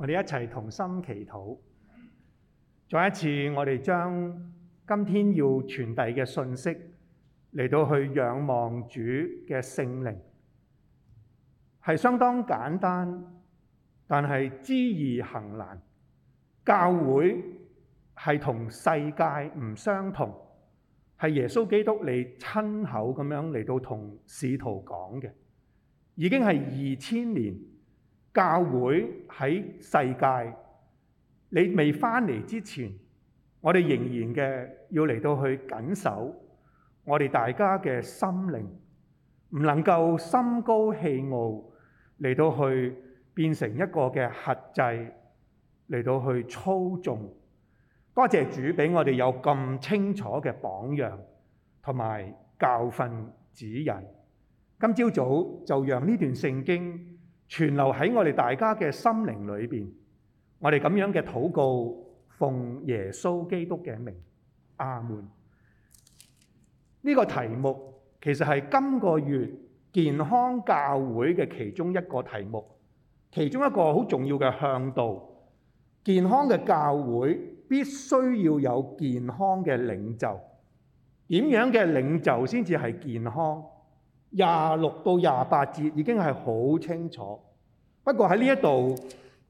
我哋一齊同心祈禱，再一次我哋將今天要傳遞嘅信息嚟到去仰望主嘅聖靈，係相當簡單，但係知易行難。教會係同世界唔相同，係耶穌基督嚟親口咁樣嚟到同使徒講嘅，已經係二千年。教會喺世界，你未返嚟之前，我哋仍然嘅要嚟到去謹守我哋大家嘅心靈，唔能夠心高氣傲嚟到去變成一個嘅轄制嚟到去操縱。多謝主俾我哋有咁清楚嘅榜樣同埋教訓指引。今朝早，早就讓呢段聖經。存留喺我哋大家嘅心靈裏邊，我哋咁樣嘅禱告，奉耶穌基督嘅名，阿門。呢個題目其實係今個月健康教會嘅其中一個題目，其中一個好重要嘅嚮導。健康嘅教會必須要有健康嘅領袖。點樣嘅領袖先至係健康？廿六到廿八節已經係好清楚。不過喺呢一度，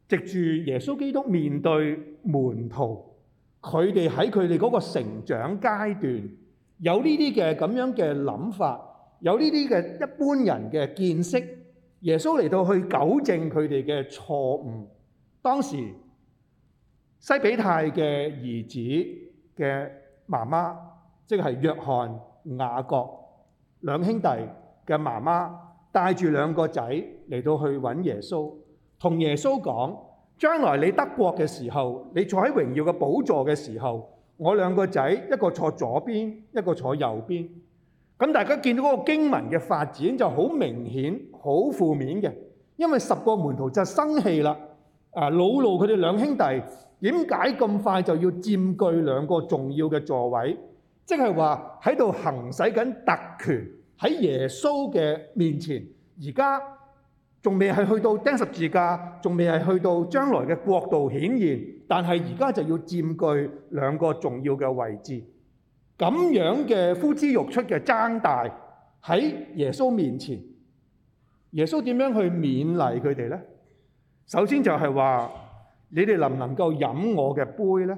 藉住耶穌基督面對門徒，佢哋喺佢哋嗰個成長階段，有呢啲嘅咁樣嘅諗法，有呢啲嘅一般人嘅見識，耶穌嚟到去糾正佢哋嘅錯誤。當時西比泰嘅兒子嘅媽媽，即係約翰、雅各兩兄弟嘅媽媽。帶住兩個仔嚟到去揾耶穌，同耶穌講：將來你得國嘅時候，你坐喺榮耀嘅寶座嘅時候，我兩個仔一個坐左邊，一個坐右邊。咁大家見到嗰個經文嘅發展就好明顯、好負面嘅，因為十個門徒就生氣啦，啊，惱怒佢哋兩兄弟，點解咁快就要佔據兩個重要嘅座位，即係話喺度行使緊特權。喺耶穌嘅面前，而家仲未係去到釘十字架，仲未係去到將來嘅國度顯現，但係而家就要佔據兩個重要嘅位置。咁樣嘅呼之欲出嘅爭大喺耶穌面前，耶穌點樣去勉勵佢哋咧？首先就係話：你哋能唔能夠飲我嘅杯咧？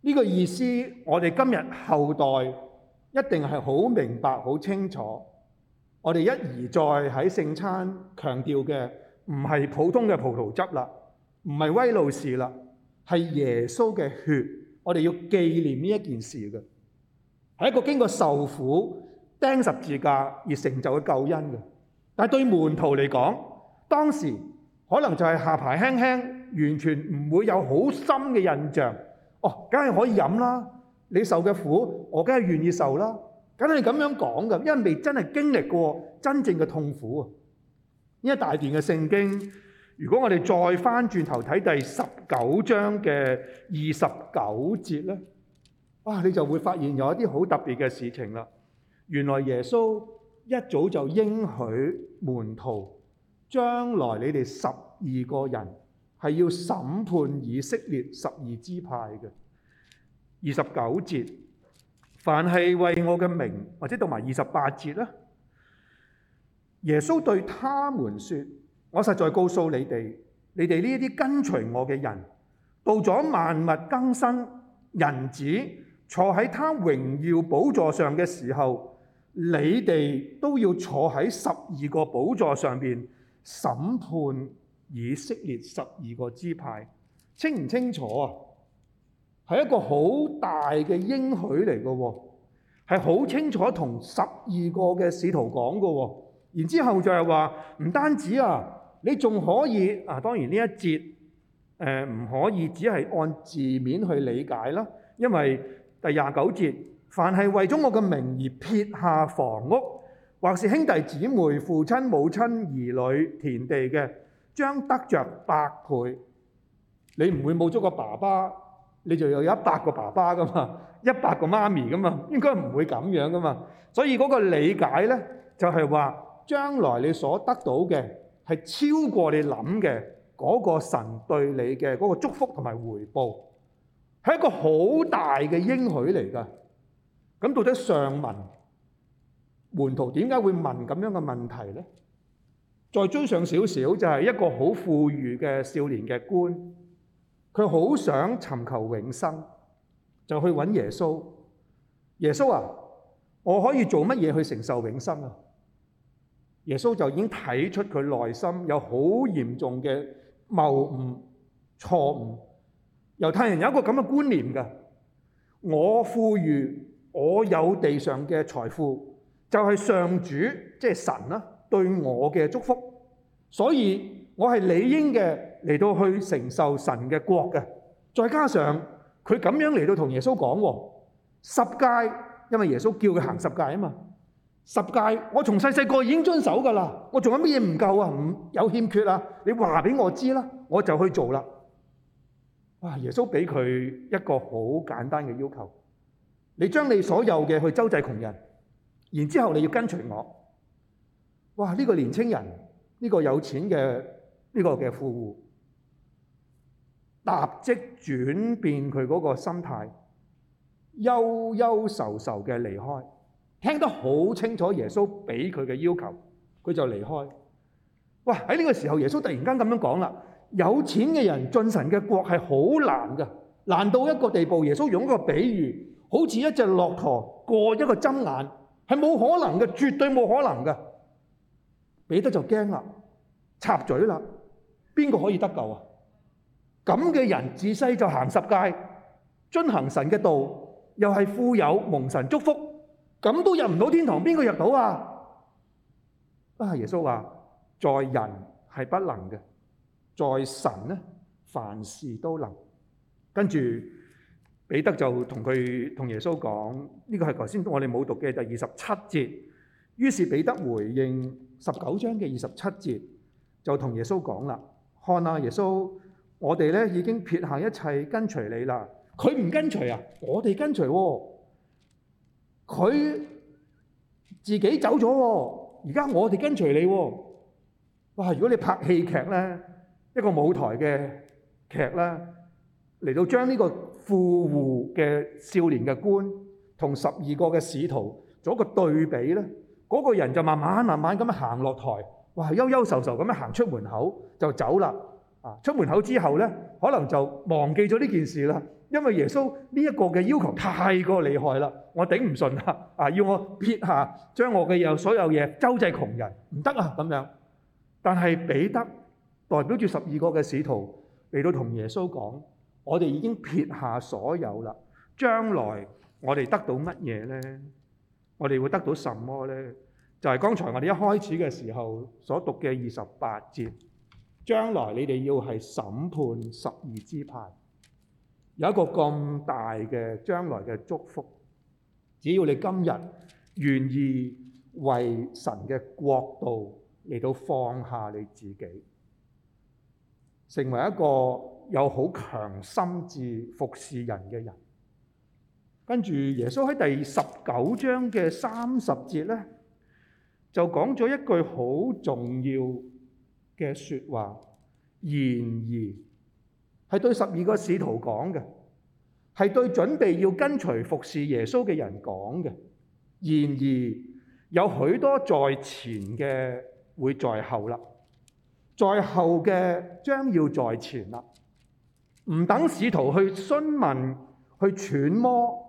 呢、這個意思，我哋今日後代。一定係好明白、好清楚。我哋一而再喺聖餐強調嘅，唔係普通嘅葡萄汁啦，唔係威露士啦，係耶穌嘅血。我哋要紀念呢一件事嘅，係一個經過受苦釘十字架而成就嘅救恩嘅。但係對門徒嚟講，當時可能就係下巴輕輕，完全唔會有好深嘅印象。哦，梗係可以飲啦。你受嘅苦，我梗係願意受啦。梗係咁樣講噶，因為未真係經歷過真正嘅痛苦啊！呢一大段嘅聖經，如果我哋再翻轉頭睇第十九章嘅二十九節咧，啊，你就會發現有一啲好特別嘅事情啦。原來耶穌一早就應許門徒，將來你哋十二個人係要審判以色列十二支派嘅。二十九節，凡係為我嘅名，或者讀埋二十八節啦。耶穌對他們說：我實在告訴你哋，你哋呢啲跟隨我嘅人，到咗萬物更生，人子坐喺他榮耀寶座上嘅時候，你哋都要坐喺十二個寶座上邊審判以色列十二個支派，清唔清楚啊？係一個好大嘅應許嚟嘅喎，係好清楚同十二個嘅使徒講嘅喎。然之後就係話，唔單止啊，你仲可以啊。當然呢一節誒唔可以只係按字面去理解啦，因為第廿九節，凡係為咗我嘅名而撇下房屋，或是兄弟姊妹、父親、母親、兒女、田地嘅，將得着百倍。你唔會冇咗個爸爸。你就有一百個爸爸噶嘛，一百個媽咪噶嘛，應該唔會咁樣噶嘛。所以嗰個理解咧，就係話將來你所得到嘅係超過你諗嘅嗰個神對你嘅嗰個祝福同埋回報，係一個好大嘅應許嚟噶。咁到底上文門徒點解會問咁樣嘅問題咧？再追上少少就係一個好富裕嘅少年嘅官。佢好想尋求永生，就去揾耶穌。耶穌啊，我可以做乜嘢去承受永生啊？耶穌就已經睇出佢內心有好嚴重嘅謬誤、錯誤。猶太人有一個咁嘅觀念嘅，我富裕，我有地上嘅財富，就係上主即係神啦對我嘅祝福，所以我係理應嘅。嚟到去承受神嘅國嘅，再加上佢咁樣嚟到同耶穌講，十誡，因為耶穌叫佢行十誡啊嘛。十誡，我從細細個已經遵守噶啦，我仲有咩嘢唔夠啊？唔有欠缺啊？你話俾我知、啊、啦，我就去做啦。哇！耶穌俾佢一個好簡單嘅要求，你將你所有嘅去周濟窮人，然之後你要跟隨我。哇！呢、這個年輕人，呢、這個有錢嘅呢、這個嘅富戶。立即轉變佢嗰個心態，憂憂愁愁嘅離開，聽得好清楚。耶穌俾佢嘅要求，佢就離開。哇！喺呢個時候，耶穌突然間咁樣講啦：有錢嘅人進神嘅國係好難㗎，難到一個地步。耶穌用一個比喻，好似一隻駱駝過一個針眼，係冇可能嘅，絕對冇可能嘅。彼得就驚啦，插嘴啦，邊個可以得救啊？咁嘅人自細就行十誡，遵行神嘅道，又係富有蒙神祝福，咁都入唔到天堂，邊個入到啊？啊！耶穌話在人係不能嘅，在神呢凡事都能。跟住彼得就同佢同耶穌講呢、這個係頭先我哋冇讀嘅第二十七節。於是彼得回應十九章嘅二十七節，就同耶穌講啦：看啊，耶穌。我哋咧已經撇下一切跟隨你啦。佢唔跟隨啊，我哋跟隨喎。佢自己走咗喎。而家我哋跟隨你喎。哇！如果你拍戲劇呢，一個舞台嘅劇呢，嚟到將呢個富戶嘅少年嘅官同十二個嘅使徒做一個對比呢，嗰、那個人就慢慢慢慢咁樣行落台，哇！憂憂愁愁咁樣行出門口就走啦。啊！出門口之後呢，可能就忘記咗呢件事啦。因為耶穌呢一個嘅要求太過厲害啦，我頂唔順啦。啊，要我撇下將我嘅有所有嘢周濟窮人，唔得啊咁樣。但係彼得代表住十二個嘅使徒嚟到同耶穌講：我哋已經撇下所有啦，將來我哋得到乜嘢呢？我哋會得到什麼呢？就係剛才我哋一開始嘅時候所讀嘅二十八節。將來你哋要係審判十二支派，有一個咁大嘅將來嘅祝福。只要你今日願意為神嘅國度嚟到放下你自己，成為一個有好強心智服侍人嘅人。跟住耶穌喺第十九章嘅三十節咧，就講咗一句好重要嘅説話，然而係對十二個使徒講嘅，係對準備要跟隨服侍耶穌嘅人講嘅。然而有許多在前嘅會在後啦，在後嘅將要在前啦。唔等使徒去詢問、去揣摩，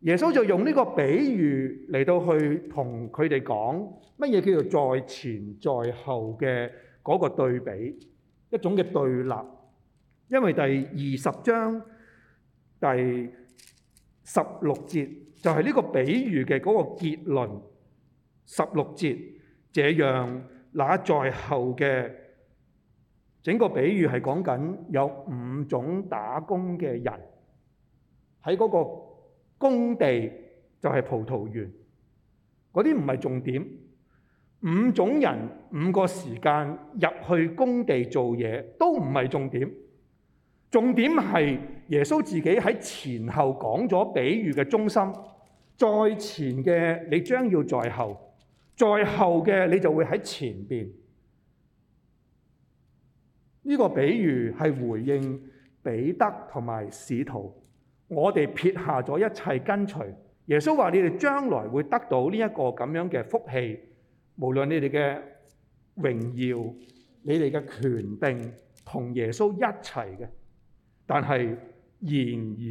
耶穌就用呢個比喻嚟到去同佢哋講乜嘢叫做在前在後嘅。嗰個對比，一種嘅對立，因為第二十章第十六節就係呢個比喻嘅嗰個結論。十六節這樣，那在後嘅整個比喻係講緊有五種打工嘅人喺嗰個工地，就係葡萄園。嗰啲唔係重點。五種人，五個時間入去工地做嘢都唔係重點。重點係耶穌自己喺前後講咗比喻嘅中心，在前嘅你將要在後，在後嘅你就會喺前邊。呢個比喻係回應彼得同埋使徒，我哋撇下咗一切跟隨耶穌，話你哋將來會得到呢一個咁樣嘅福氣。無論你哋嘅榮耀、你哋嘅權定，同耶穌一齊嘅，但係然而，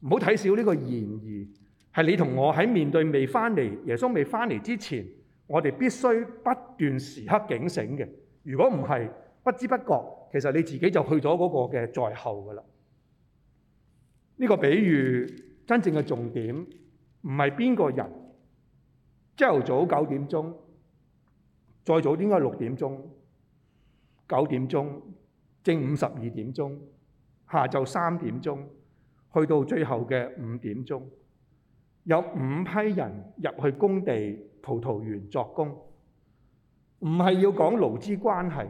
唔好睇小呢個然而，係你同我喺面對未翻嚟、耶穌未翻嚟之前，我哋必須不斷時刻警醒嘅。如果唔係，不知不覺，其實你自己就去咗嗰個嘅在後噶啦。呢、這個比喻真正嘅重點，唔係邊個人，朝頭早九點鐘。再早點應該六點鐘、九點鐘、正午十二點鐘、下晝三點鐘，去到最後嘅五點鐘，有五批人入去工地葡萄園作工，唔係要講勞資關係，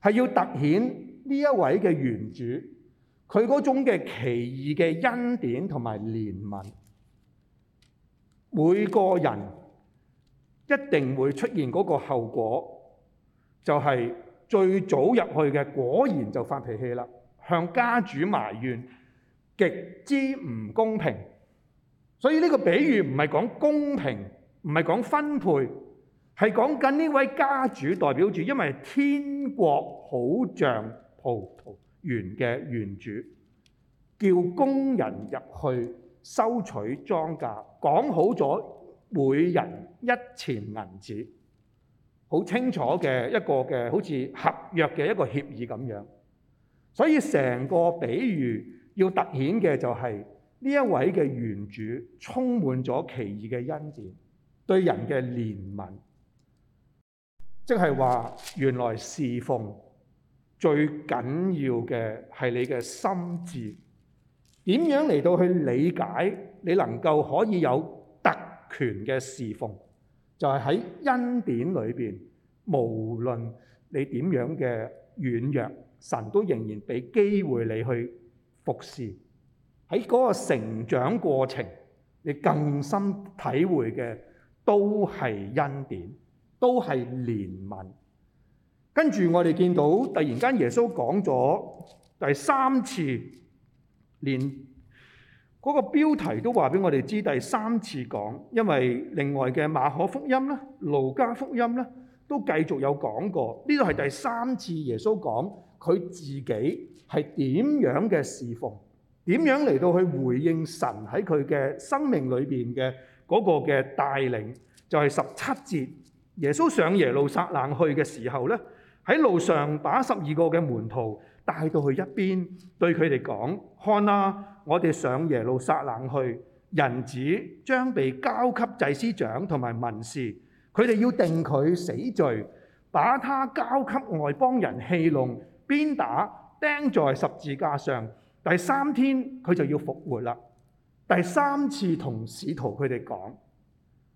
係要突顯呢一位嘅園主，佢嗰種嘅奇異嘅恩典同埋憐憫，每個人。一定會出現嗰個後果，就係最早入去嘅果然就發脾氣啦，向家主埋怨極之唔公平。所以呢個比喻唔係講公平，唔係講分配，係講緊呢位家主代表住，因為天國好像葡萄園嘅園主，叫工人入去收取莊稼，講好咗。每人一錢銀子，好清楚嘅一個嘅好似合約嘅一個協議咁樣。所以成個比喻要突顯嘅就係呢一位嘅原主充滿咗奇異嘅恩典，對人嘅憐憫，即係話原來侍奉最緊要嘅係你嘅心志，點樣嚟到去理解你能夠可以有。權嘅侍奉，就係喺恩典裏邊，無論你點樣嘅軟弱，神都仍然俾機會你去服侍。喺嗰個成長過程，你更深體會嘅都係恩典，都係憐憫。跟住我哋見到，突然間耶穌講咗第三次連。嗰個標題都話俾我哋知第三次講，因為另外嘅馬可福音咧、路加福音咧都繼續有講過，呢個係第三次耶穌講佢自己係點樣嘅侍奉，點樣嚟到去回應神喺佢嘅生命裏邊嘅嗰個嘅帶領，就係十七節，耶穌上耶路撒冷去嘅時候呢，喺路上把十二個嘅門徒。帶到去一邊，對佢哋講：看啦、啊，我哋上耶路撒冷去，人子將被交給祭司長同埋文士，佢哋要定佢死罪，把他交給外邦人戲弄、鞭打、釘在十字架上。第三天佢就要復活啦。第三次同使徒佢哋講，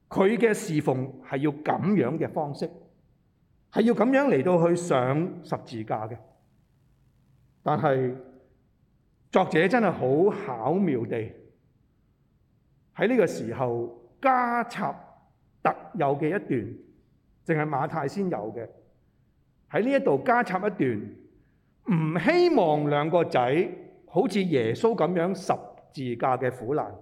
佢嘅侍奉係要咁樣嘅方式，係要咁樣嚟到去上十字架嘅。但係作者真係好巧妙地喺呢個時候加插特有嘅一段，淨係馬太先有嘅喺呢一度加插一段，唔希望兩個仔好似耶穌咁樣十字架嘅苦難，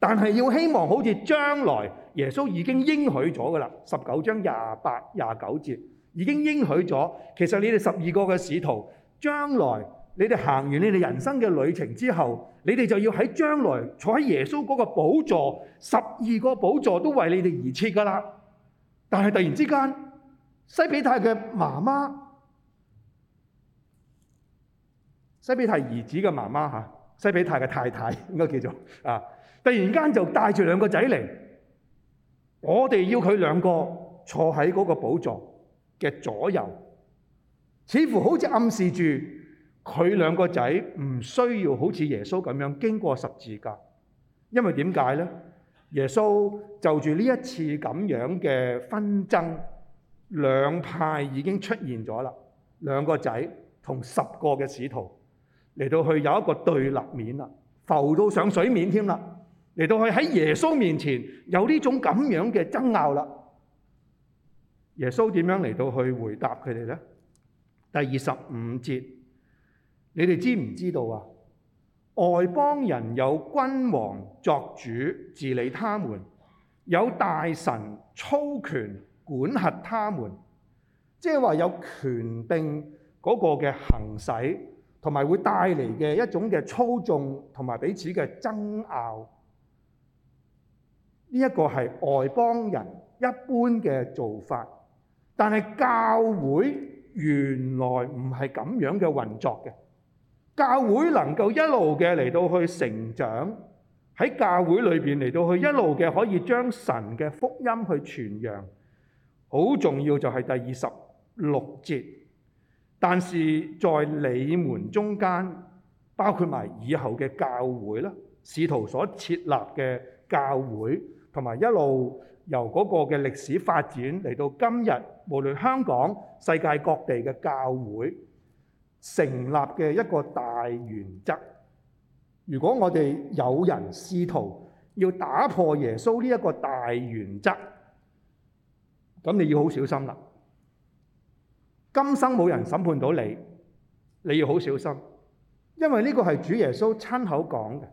但係要希望好似將來耶穌已經應許咗㗎啦，十九章廿八廿九節已經應許咗，其實你哋十二個嘅使徒將來。你哋行完你哋人生嘅旅程之後，你哋就要喺將來坐喺耶穌嗰個寶座，十二個寶座都為你哋而設㗎喇。但係突然之間，西比泰嘅媽媽，西比泰兒子嘅媽媽吓，西比泰嘅太太應該叫做啊，突然間就帶住兩個仔嚟，我哋要佢兩個坐喺嗰個寶座嘅左右，似乎好似暗示住。佢兩個仔唔需要好似耶穌咁樣經過十字架，因為點解呢？耶穌就住呢一次咁樣嘅紛爭，兩派已經出現咗啦。兩個仔同十個嘅使徒嚟到去有一個對立面啦，浮到上水面添啦，嚟到去喺耶穌面前有呢種咁樣嘅爭拗啦。耶穌點樣嚟到去回答佢哋呢？第二十五節。你哋知唔知道啊？外邦人有君王作主治理他們，有大臣操權管轄，他們即係話有權柄嗰個嘅行使，同埋會帶嚟嘅一種嘅操縱同埋彼此嘅爭拗。呢、這、一個係外邦人一般嘅做法，但係教會原來唔係咁樣嘅運作嘅。教會能夠一路嘅嚟到去成長，喺教會裏邊嚟到去一路嘅可以將神嘅福音去傳揚，好重要就係第二十六節。但是在你們中間，包括埋以後嘅教會啦，使徒所設立嘅教會，同埋一路由嗰個嘅歷史發展嚟到今日，無論香港、世界各地嘅教會。成立嘅一個大原則，如果我哋有人試圖要打破耶穌呢一個大原則，咁你要好小心啦。今生冇人審判到你，你要好小心，因為呢個係主耶穌親口講嘅，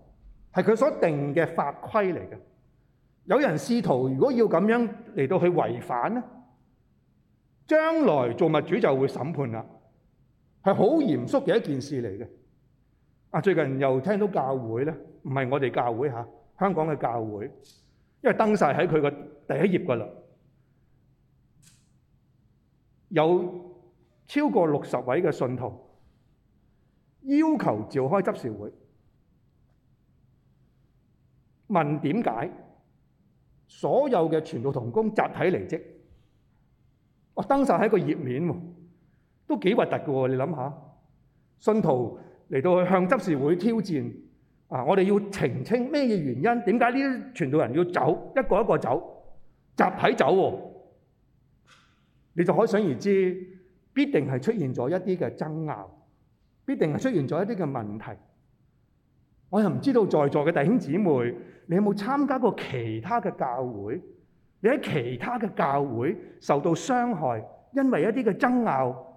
係佢所定嘅法規嚟嘅。有人試圖如果要咁樣嚟到去違反咧，將來造物主就會審判啦。係好嚴肅嘅一件事嚟嘅。啊，最近又聽到教會咧，唔係我哋教會嚇，香港嘅教會，因為登晒喺佢嘅第一頁噶啦，有超過六十位嘅信徒要求召開執事會，問點解所有嘅傳道同工集體離職？我、哦、登晒喺個頁面喎。都幾核突㗎喎！你諗下，信徒嚟到去向執事會挑戰啊！我哋要澄清咩嘢原因？點解呢啲傳道人要走？一個一個走，集體走喎！你就可想而知，必定係出現咗一啲嘅爭拗，必定係出現咗一啲嘅問題。我又唔知道在座嘅弟兄姊妹，你有冇參加過其他嘅教會？你喺其他嘅教會受到傷害，因為一啲嘅爭拗。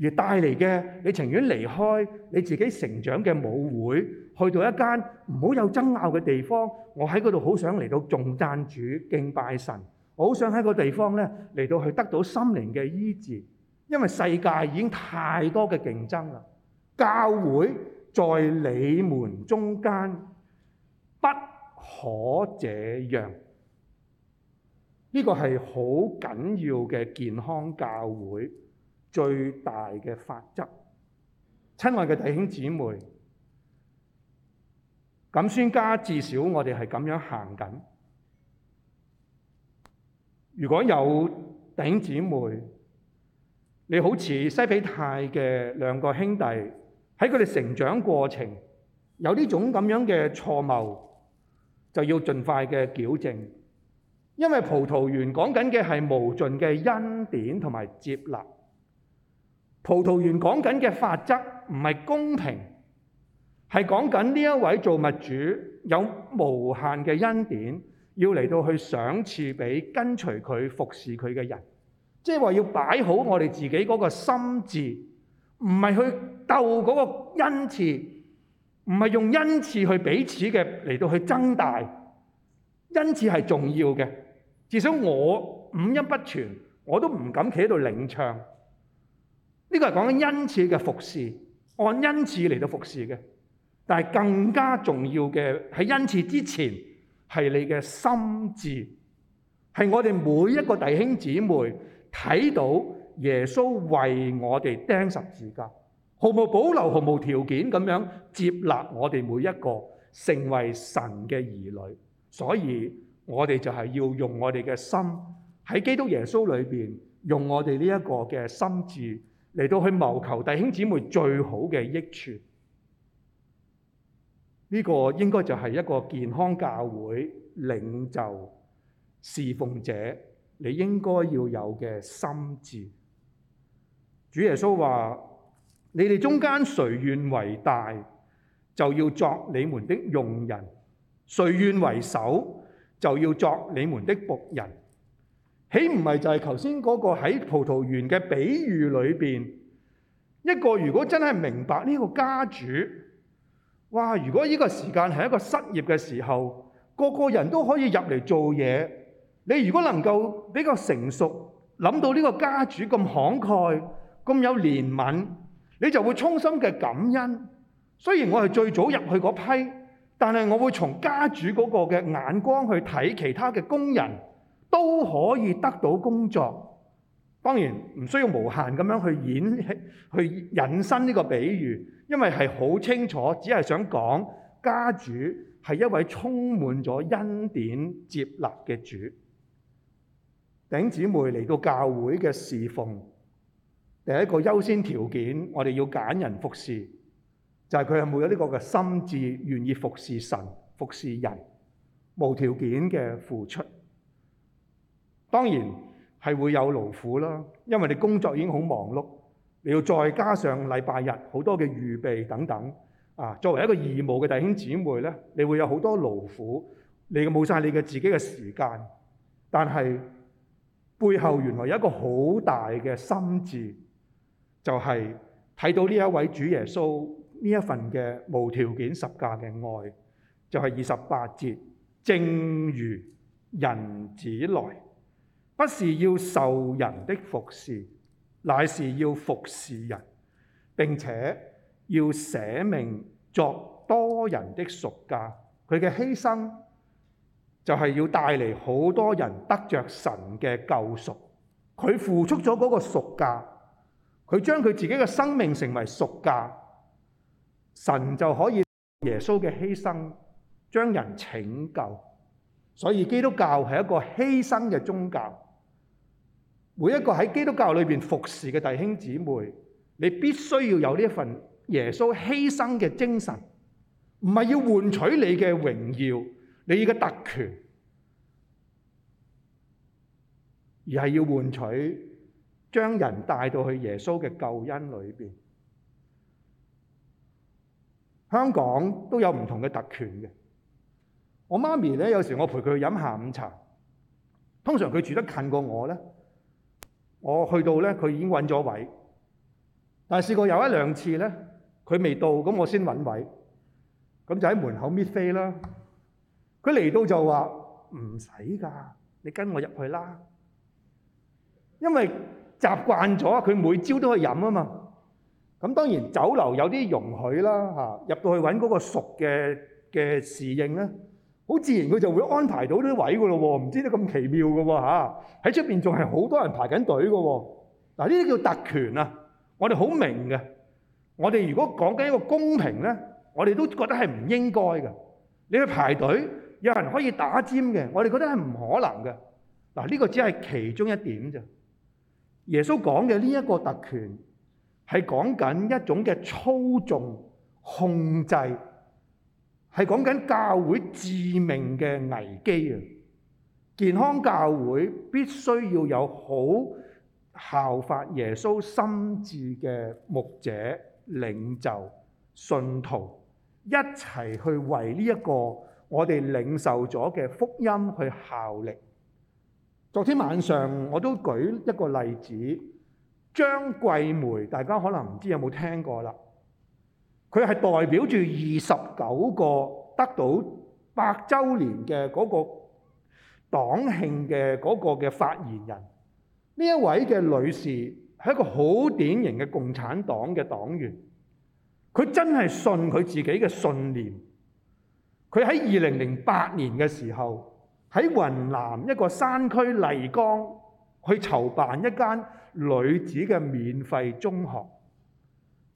而帶嚟嘅，你情願離開你自己成長嘅母會，去到一間唔好有爭拗嘅地方。我喺嗰度好想嚟到頌讚主、敬拜神。我好想喺個地方咧嚟到去得到心靈嘅醫治，因為世界已經太多嘅競爭啦。教會在你們中間不可這樣。呢個係好緊要嘅健康教會。最大嘅法則，親愛嘅弟兄姊妹，咁孫家至少我哋係咁樣行緊。如果有弟兄姊妹，你好似西庇太嘅兩個兄弟，喺佢哋成長過程有呢種咁樣嘅錯謬，就要盡快嘅矯正，因為葡萄園講緊嘅係無盡嘅恩典同埋接納。葡萄園講緊嘅法則唔係公平，係講緊呢一位造物主有無限嘅恩典，要嚟到去賞賜俾跟隨佢服侍佢嘅人。即係話要擺好我哋自己嗰個心智，唔係去鬥嗰個恩賜，唔係用恩賜去彼此嘅嚟到去增大。恩賜係重要嘅，至少我五音不全，我都唔敢企喺度領唱。呢個係講緊恩賜嘅服侍。按恩賜嚟到服侍嘅。但係更加重要嘅，喺恩賜之前係你嘅心志。係我哋每一個弟兄姊妹睇到耶穌為我哋釘十字架，毫無保留、毫無條件咁樣接納我哋每一個成為神嘅兒女。所以我哋就係要用我哋嘅心喺基督耶穌裏邊，用我哋呢一個嘅心志。嚟到去謀求弟兄姊妹最好嘅益處，呢、這個應該就係一個健康教會領袖侍奉者，你應該要有嘅心志。主耶穌話：你哋中間誰願為大，就要作你們的用人；誰願為首，就要作你們的僕人。豈唔係就係頭先嗰個喺葡萄園嘅比喻裏邊，一個如果真係明白呢個家主，哇！如果呢個時間係一個失業嘅時候，個個人都可以入嚟做嘢。你如果能夠比較成熟，諗到呢個家主咁慷慨、咁有憐憫，你就會衷心嘅感恩。雖然我係最早入去嗰批，但係我會從家主嗰個嘅眼光去睇其他嘅工人。都可以得到工作，當然唔需要無限咁樣去演去引申呢個比喻，因為係好清楚，只係想講家主係一位充滿咗恩典接納嘅主。頂姊妹嚟到教會嘅侍奉，第一個優先條件，我哋要揀人服侍，就係佢有冇有呢個嘅心志，願意服侍神、服侍人，無條件嘅付出。當然係會有勞苦啦，因為你工作已經好忙碌，你要再加上禮拜日好多嘅預備等等啊。作為一個義務嘅弟兄姊妹咧，你會有好多勞苦，你冇晒你嘅自己嘅時間。但係背後原來有一個好大嘅心志，就係、是、睇到呢一位主耶穌呢一份嘅無條件十架嘅愛，就係二十八節，正如人子來。不是要受人的服侍，乃是要服侍人，並且要捨命作多人的贖價。佢嘅犧牲就係要帶嚟好多人得着神嘅救贖。佢付出咗嗰個贖價，佢將佢自己嘅生命成為贖價，神就可以耶穌嘅犧牲，的犧牲將人拯救。所以基督教係一個犧牲嘅宗教。每一個喺基督教裏面服侍嘅弟兄姊妹，你必須要有呢份耶穌犧牲嘅精神，唔係要換取你嘅榮耀、你嘅特權，而係要換取將人帶到去耶穌嘅救恩裏面。香港都有唔同嘅特權嘅，我媽咪咧，有時我陪佢去飲下午茶，通常佢住得近過我咧。我去到咧，佢已經揾咗位。但係試過有一兩次咧，佢未到，咁我先揾位，咁就喺門口搣飛啦。佢嚟到就話唔使㗎，你跟我入去啦。因為習慣咗，佢每朝都去飲啊嘛。咁當然酒樓有啲容許啦，嚇入到去揾嗰個熟嘅嘅侍應咧。好自然佢就會安排到呢啲位㗎咯喎，唔知得咁奇妙㗎喎嚇！喺出邊仲係好多人排緊隊㗎喎。嗱呢啲叫特權啊！我哋好明嘅。我哋如果講緊一個公平咧，我哋都覺得係唔應該嘅。你去排隊，有人可以打尖嘅，我哋覺得係唔可能嘅。嗱呢個只係其中一點啫。耶穌講嘅呢一個特權係講緊一種嘅操縱控制。係講緊教會致命嘅危機啊！健康教會必須要有好效法耶穌心志嘅牧者、領袖、信徒一齊去為呢一個我哋領受咗嘅福音去效力。昨天晚上我都舉一個例子，張桂梅，大家可能唔知有冇聽過啦。佢係代表住二十九個得到百週年嘅嗰個黨慶嘅嗰個嘅發言人。呢一位嘅女士係一個好典型嘅共產黨嘅黨員。佢真係信佢自己嘅信念。佢喺二零零八年嘅時候，喺雲南一個山區麗江去籌辦一間女子嘅免費中學。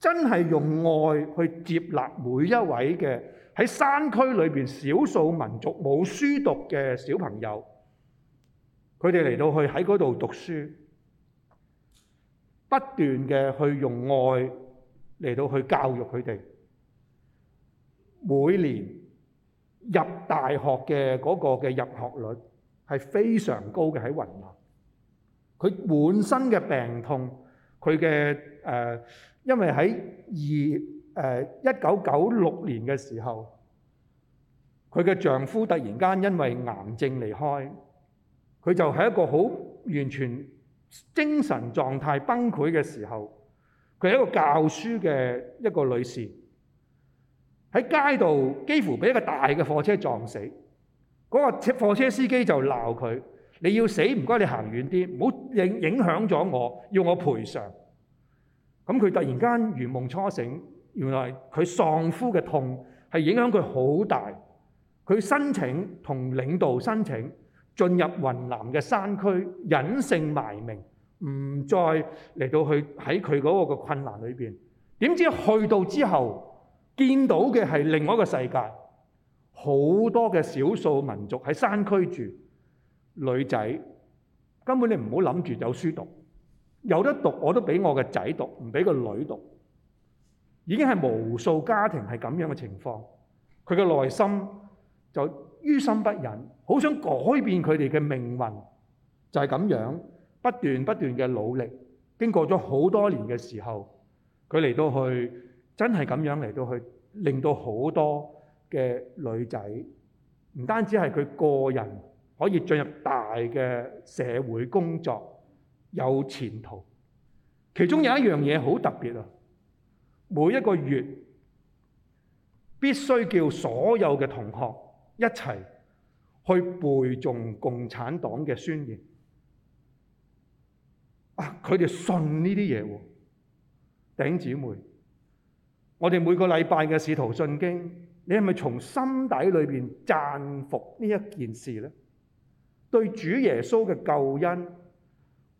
真係用愛去接納每一位嘅喺山區裏邊少數民族冇書讀嘅小朋友，佢哋嚟到去喺嗰度讀書，不斷嘅去用愛嚟到去教育佢哋。每年入大學嘅嗰個嘅入學率係非常高嘅喺雲南，佢本身嘅病痛，佢嘅誒。因為喺二一九九六年嘅時候，佢嘅丈夫突然間因為癌症離開，佢就係一個好完全精神狀態崩潰嘅時候。佢係一個教書嘅一個女士，喺街度幾乎畀一個大嘅貨車撞死。嗰個貨車司機就鬧佢：「你要死唔該，你行遠啲，唔好影影響咗我，要我賠償。咁佢突然間如夢初醒，原來佢喪夫嘅痛係影響佢好大。佢申請同領導申請進入雲南嘅山區隱姓埋名，唔再嚟到去喺佢嗰個嘅困難裏邊。點知去到之後見到嘅係另外一個世界，好多嘅少數民族喺山區住，女仔根本你唔好諗住有書讀。有得讀我都俾我個仔讀，唔俾個女讀。已經係無數家庭係咁樣嘅情況，佢嘅內心就於心不忍，好想改變佢哋嘅命運。就係咁樣，不斷不斷嘅努力，經過咗好多年嘅時候，佢嚟到去，真係咁樣嚟到去，令到好多嘅女仔唔單止係佢個人可以進入大嘅社會工作。有前途，其中有一樣嘢好特別啊！每一個月必須叫所有嘅同學一齊去背誦共產黨嘅宣言啊！佢哋信呢啲嘢喎，頂姐妹，我哋每個禮拜嘅使徒信經，你係咪從心底裏邊讚服呢一件事咧？對主耶穌嘅救恩。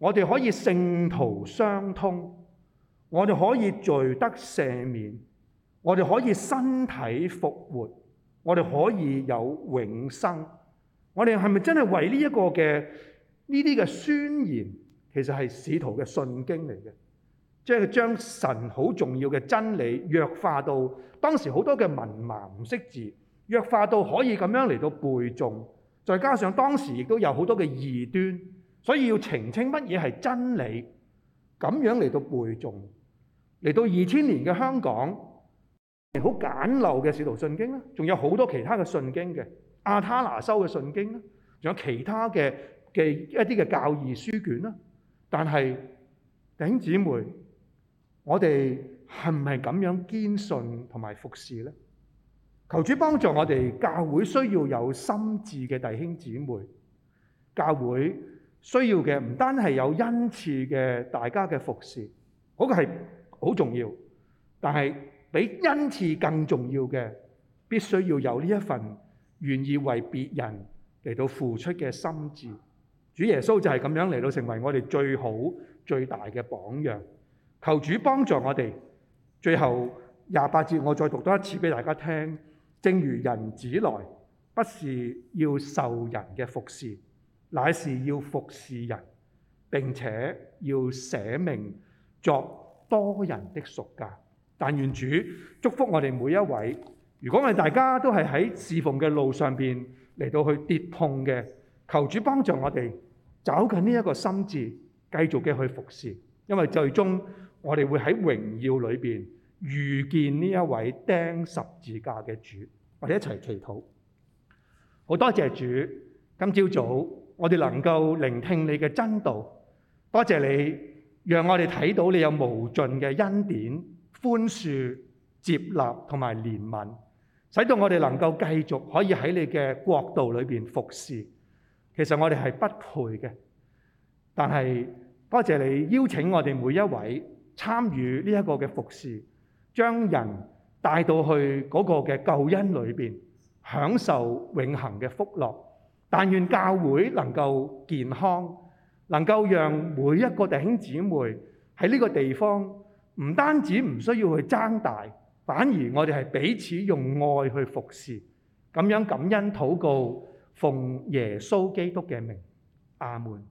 我哋可以聖徒相通，我哋可以罪得赦免，我哋可以身體復活，我哋可以有永生。我哋係咪真係為呢一個嘅呢啲嘅宣言？其實係使徒嘅信經嚟嘅，即係將神好重要嘅真理弱化到當時好多嘅文盲唔識字，弱化到可以咁樣嚟到背誦，再加上當時亦都有好多嘅異端。所以要澄清乜嘢係真理，咁樣嚟到背誦嚟到二千年嘅香港，好簡陋嘅使徒信經啦，仲有好多其他嘅信經嘅亞他拿修嘅信經啦，仲有其他嘅嘅一啲嘅教義書卷啦。但係弟兄姊妹，我哋係唔係咁樣堅信同埋服侍咧？求主幫助我哋教會需要有心智嘅弟兄姊妹，教會。需要嘅唔單係有恩賜嘅大家嘅服侍，嗰個係好重要。但係比恩賜更重要嘅，必須要有呢一份願意為別人嚟到付出嘅心志。主耶穌就係咁樣嚟到成為我哋最好、最大嘅榜樣。求主幫助我哋。最後廿八節，我再讀多一次俾大家聽。「正如人子來，不是要受人嘅服侍。」乃是要服侍人，並且要捨命作多人的贖價。但願主祝福我哋每一位。如果我哋大家都係喺侍奉嘅路上邊嚟到去跌痛嘅，求主幫助我哋，找緊呢一個心志，繼續嘅去服侍，因為最終我哋會喺榮耀裏邊遇見呢一位釘十字架嘅主。我哋一齊祈禱。好多謝主，今朝早。嗯我哋能夠聆聽你嘅真道，多謝你讓我哋睇到你有無盡嘅恩典、寬恕、接納同埋憐憫，使到我哋能夠繼續可以喺你嘅國度裏邊服侍。其實我哋係不配嘅，但係多謝你邀請我哋每一位參與呢一個嘅服侍，將人帶到去嗰個嘅救恩裏邊，享受永恆嘅福樂。但願教會能夠健康，能夠讓每一個弟兄姊妹喺呢個地方唔單止唔需要去爭大，反而我哋係彼此用愛去服侍，咁樣感恩禱告，奉耶穌基督嘅名，阿門。